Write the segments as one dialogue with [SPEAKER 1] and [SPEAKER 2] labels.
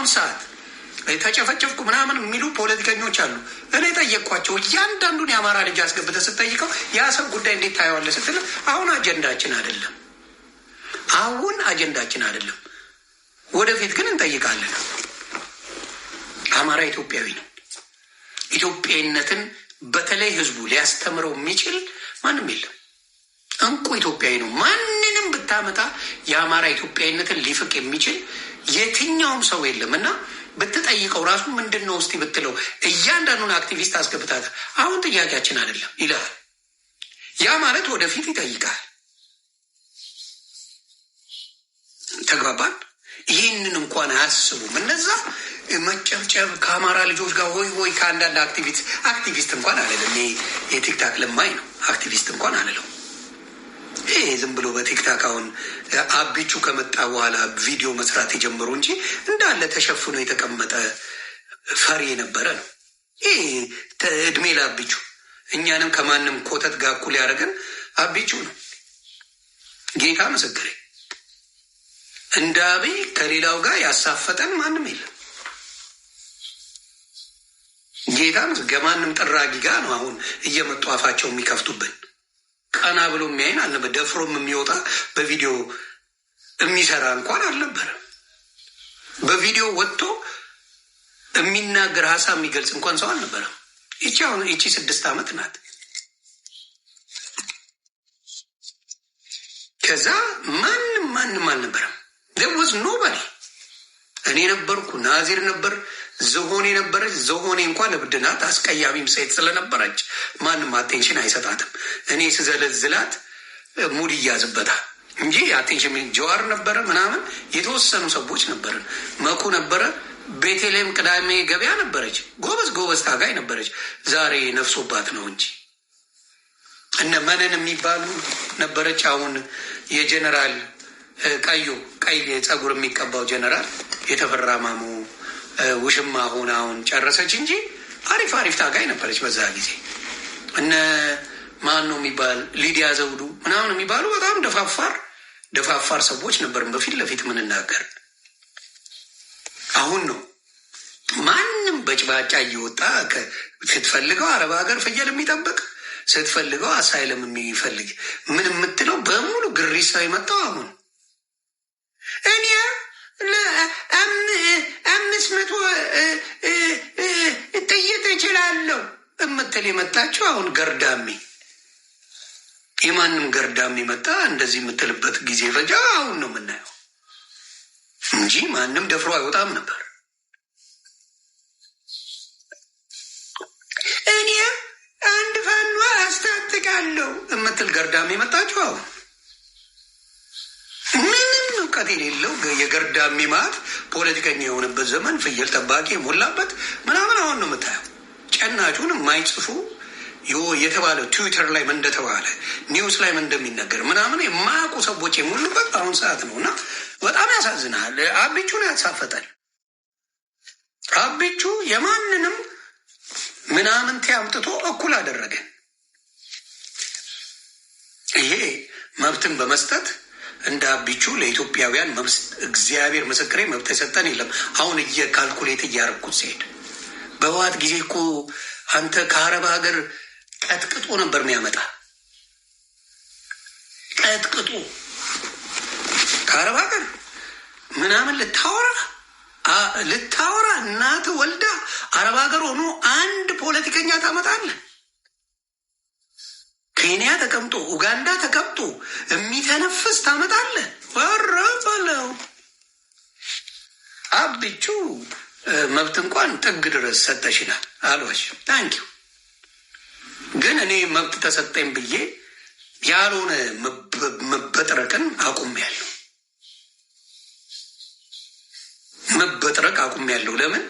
[SPEAKER 1] በአሁን ሰዓት ተጨፈጨፍኩ ምናምን የሚሉ ፖለቲከኞች አሉ። እኔ ጠየቅኳቸው። እያንዳንዱን የአማራ ልጅ አስገብተህ ስጠይቀው ያ ጉዳይ እንዴት ታየዋለህ ስትል አሁን አጀንዳችን አይደለም፣ አሁን አጀንዳችን አይደለም፣ ወደፊት ግን እንጠይቃለን። አማራ ኢትዮጵያዊ ነው። ኢትዮጵያዊነትን በተለይ ህዝቡ ሊያስተምረው የሚችል ማንም የለም። እንቁ ኢትዮጵያዊ ነው። ማን ብታመጣ የአማራ ኢትዮጵያዊነትን ሊፍቅ የሚችል የትኛውም ሰው የለም እና ብትጠይቀው ራሱ ምንድን ነው እስቲ ብትለው እያንዳንዱን አክቲቪስት አስገብታት አሁን ጥያቄያችን አይደለም ይልሃል። ያ ማለት ወደፊት ይጠይቃል። ተግባባን። ይህንን እንኳን አያስቡም። እነዛ መጨብጨብ ከአማራ ልጆች ጋር ሆይ ሆይ ከአንዳንድ አክቲቪስት አክቲቪስት እንኳን አለለም። የቲክታክ ልማይ ነው። አክቲቪስት እንኳን አለለው። ይሄ ዝም ብሎ በቲክታክ አሁን አቢቹ ከመጣ በኋላ ቪዲዮ መስራት የጀመሩ እንጂ እንዳለ ተሸፍኖ የተቀመጠ ፈሪ የነበረ ነው። ይህ እድሜ ለአቢቹ እኛንም ከማንም ኮተት ጋር እኩል ያደረገን አቢቹ ነው። ጌታ ምስክሬ፣ እንደ አብይ ከሌላው ጋር ያሳፈጠን ማንም የለም። ጌታ ከማንም ጥራጊ ጋር ነው አሁን እየመጡ አፋቸው የሚከፍቱብን። ቀና ብሎ የሚያይን አልነበር። ደፍሮም የሚወጣ በቪዲዮ የሚሰራ እንኳን አልነበረም። በቪዲዮ ወጥቶ የሚናገር ሀሳብ የሚገልጽ እንኳን ሰው አልነበረም። ይቺ አሁን ይቺ ስድስት ዓመት ናት። ከዛ ማንም ማንም አልነበረም። ደወዝ ኖባዲ እኔ ነበርኩ ናዚር ነበር ዝሆኔ ነበረች። ዝሆኔ እንኳን እብድ ናት፣ አስቀያሚም ሴት ስለነበረች ማንም አቴንሽን አይሰጣትም። እኔ ስዘለዝላት ሙድ ይያዝበታል እንጂ አቴንሽን ጀዋር ነበረ ምናምን የተወሰኑ ሰዎች ነበርን። መኩ ነበረ። ቤቴሌም ቅዳሜ ገበያ ነበረች። ጎበዝ ጎበዝ ታጋይ ነበረች። ዛሬ ነፍሶባት ነው እንጂ እነ መነን የሚባሉ ነበረች። አሁን የጀነራል ቀዩ ቀይ ጸጉር የሚቀባው ጀነራል የተፈራ ውሽማ ሆናውን አሁን ጨረሰች እንጂ አሪፍ አሪፍ ታጋይ ነበረች በዛ ጊዜ። እነ ማን ነው የሚባል ሊዲያ ዘውዱ ምናምን የሚባሉ በጣም ደፋፋር ደፋፋር ሰዎች ነበርን በፊት ለፊት የምንናገር። አሁን ነው ማንም በጭባጫ እየወጣ ስትፈልገው አረብ ሀገር ፍየል የሚጠብቅ ስትፈልገው አሳይለም የሚፈልግ ምን የምትለው በሙሉ ግሪሳ የመጣው አሁን እኔ አምስት መቶ ጥይት እችላለሁ እምትል የመጣችው አሁን ገርዳሚ የማንም ገርዳሚ መጣ እንደዚህ የምትልበት ጊዜ ፈጃ አሁን ነው የምናየው እንጂ ማንም ደፍሮ አይወጣም ነበር። እኔም አንድ ፋኗ አስታጥቃለሁ እምትል ገርዳሚ መጣችው አሁን እውቀት የሌለው የገርዳ የሚማት ፖለቲከኛ የሆነበት ዘመን ፍየል ጠባቂ የሞላበት ምናምን አሁን ነው የምታየው። ጨናጩን የማይጽፉ የተባለ ትዊተር ላይ እንደተባለ ኒውስ ላይ እንደሚነገር ምናምን የማያውቁ ሰዎች የሞሉበት አሁን ሰዓት ነው እና በጣም ያሳዝናል። አቢቹን ያሳፈጠል። አቢቹ የማንንም ምናምን አምጥቶ እኩል አደረገን። ይሄ መብትን በመስጠት እንደ አቢቹ ለኢትዮጵያውያን እግዚአብሔር ምስክሬ መብት የሰጠን የለም። አሁን እየካልኩሌት እያረግኩት ሲሄድ በህወሓት ጊዜ እኮ አንተ ከአረብ ሀገር ቀጥቅጦ ነበር የሚያመጣ ቀጥቅጦ ከአረብ ሀገር ምናምን ልታወራ ልታወራ እናት ወልዳ አረብ ሀገር ሆኖ አንድ ፖለቲከኛ ታመጣለህ። ኬንያ ተቀምጦ ኡጋንዳ ተቀምጦ የሚተነፍስ ታመጣለህ። ወረበለው አብቹ መብት እንኳን ጥግ ድረስ ሰጠሽናል አሏሽ። ታንኪው ግን እኔ መብት ተሰጠኝ ብዬ ያልሆነ መበጥረቅን አቁሜያለሁ። መበጥረቅ አቁሜያለሁ። ለምን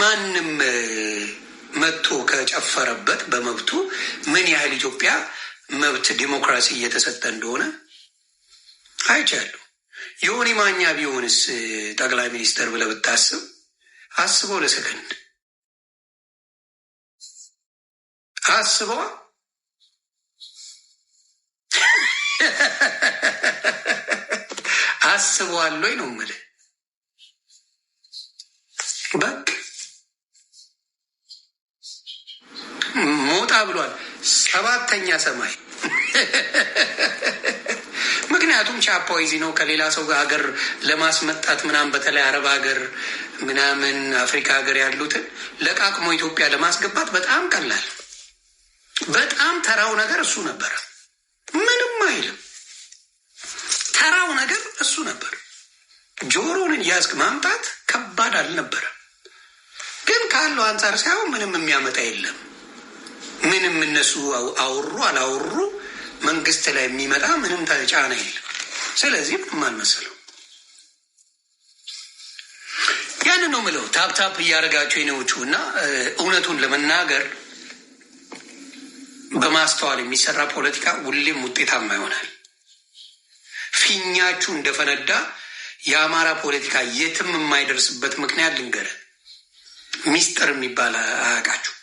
[SPEAKER 1] ማንም መጥቶ ከጨፈረበት በመብቱ ምን ያህል ኢትዮጵያ መብት ዲሞክራሲ እየተሰጠ እንደሆነ አይቻለሁ። ዮኒ ማኛ ቢሆንስ ጠቅላይ ሚኒስተር ብለህ ብታስብ አስበው፣ ለሰከንድ አስበዋ አስበዋለሁ ነው የምልህ በቃ ሞጣ ብሏል። ሰባተኛ ሰማይ ምክንያቱም ቻፓው ነው። ከሌላ ሰው ሀገር ለማስመጣት ምናምን በተለይ አረብ ሀገር ምናምን አፍሪካ ሀገር ያሉትን ለቃቅሞ ኢትዮጵያ ለማስገባት በጣም ቀላል፣ በጣም ተራው ነገር እሱ ነበር። ምንም አይልም። ተራው ነገር እሱ ነበር። ጆሮንን ያዝግ ማምጣት ከባድ አልነበረም። ግን ካለው አንጻር ሳይሆን ምንም የሚያመጣ የለም። ምንም እነሱ አወሩ አላወሩ መንግስት ላይ የሚመጣ ምንም ጫና የለም። ስለዚህ ምንም አልመሰለው። ያንን ነው ምለው። ታፕታፕ እያደረጋቸው የኔዎቹ እና እውነቱን ለመናገር በማስተዋል የሚሰራ ፖለቲካ ሁሌም ውጤታማ ይሆናል። ፊኛችሁ እንደፈነዳ የአማራ ፖለቲካ የትም የማይደርስበት ምክንያት ልንገረ ሚስጥር የሚባል አያውቃችሁ።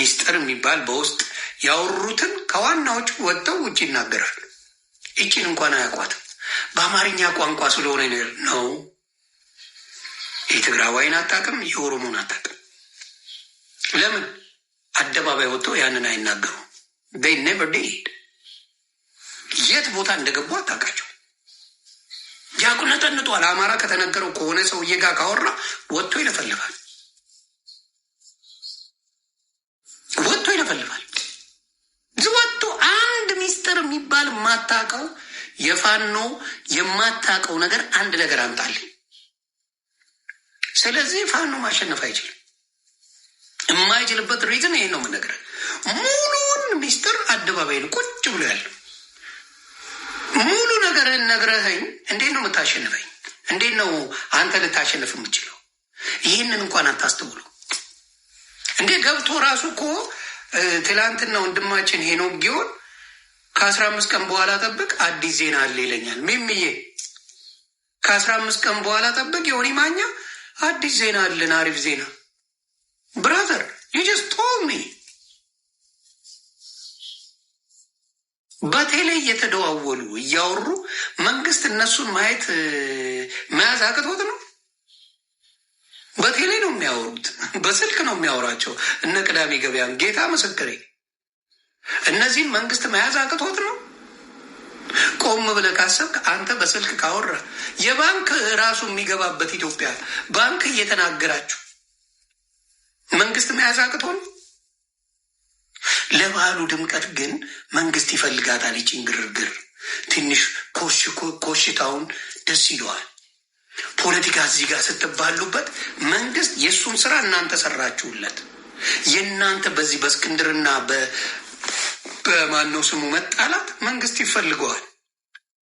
[SPEAKER 1] ሚስጥር የሚባል በውስጥ ያወሩትን ከዋናዎቹ ወጥተው ውጭ ይናገራል። ይቺን እንኳን አያውቋትም። በአማርኛ ቋንቋ ስለሆነ ነው። የትግራዋይን አታውቅም፣ የኦሮሞን አታውቅም። ለምን አደባባይ ወጥተው ያንን አይናገሩ? ይ ኔቨር ዲድ የት ቦታ እንደገቡ አታውቃቸው። ያቁነጠንጧል። አማራ ከተነገረው ከሆነ ሰውዬ ጋር ካወራ ወጥቶ ይለፈልፋል። ይፈልፋል። ድሮቱ አንድ ሚስጥር የሚባል የማታውቀው የፋኖ የማታውቀው ነገር አንድ ነገር አምጣልኝ። ስለዚህ ፋኖ ማሸነፍ አይችልም። የማይችልበት ሪዝን ይሄን ነው የምነግርህ። ሙሉን ሚስጥር አደባባይ ነው ቁጭ ብሎ ያለው። ሙሉ ነገርን ነግረኸኝ እንዴት ነው የምታሸንፈኝ? እንዴት ነው አንተ ልታሸንፍ የምችለው? ይህንን እንኳን አታስተውሉ እንዴ ገብቶ ራሱ እኮ ትላንትና ወንድማችን ሄኖክ ጊዮን ከአስራ አምስት ቀን በኋላ ጠብቅ አዲስ ዜና አለ ይለኛል። ሚምዬ ከአስራ አምስት ቀን በኋላ ጠብቅ የሆነ ማኛ አዲስ ዜና አለን፣ አሪፍ ዜና ብራዘር ዩጀስ ቶሚ በቴሌ እየተደዋወሉ እያወሩ መንግስት እነሱን ማየት መያዝ አቅቶት ነው። በቴሌ ነው የሚያወሩት፣ በስልክ ነው የሚያወራቸው። እነ ቅዳሜ ገበያም ጌታ ምስክሬ፣ እነዚህን መንግስት መያዝ አቅቶት ነው። ቆም ብለህ ካሰብክ አንተ በስልክ ካወራ የባንክ ራሱ የሚገባበት ኢትዮጵያ ባንክ እየተናገራችሁ መንግስት መያዝ አቅቶ ነው። ለበዓሉ ድምቀት ግን መንግስት ይፈልጋታል። ይችን ግርግር ትንሽ ኮሽታውን ደስ ይለዋል። ፖለቲካ እዚህ ጋር ስትባሉበት መንግስት የእሱን ስራ እናንተ ሰራችሁለት። የእናንተ በዚህ በእስክንድርና በማነው ስሙ መጣላት መንግስት ይፈልገዋል።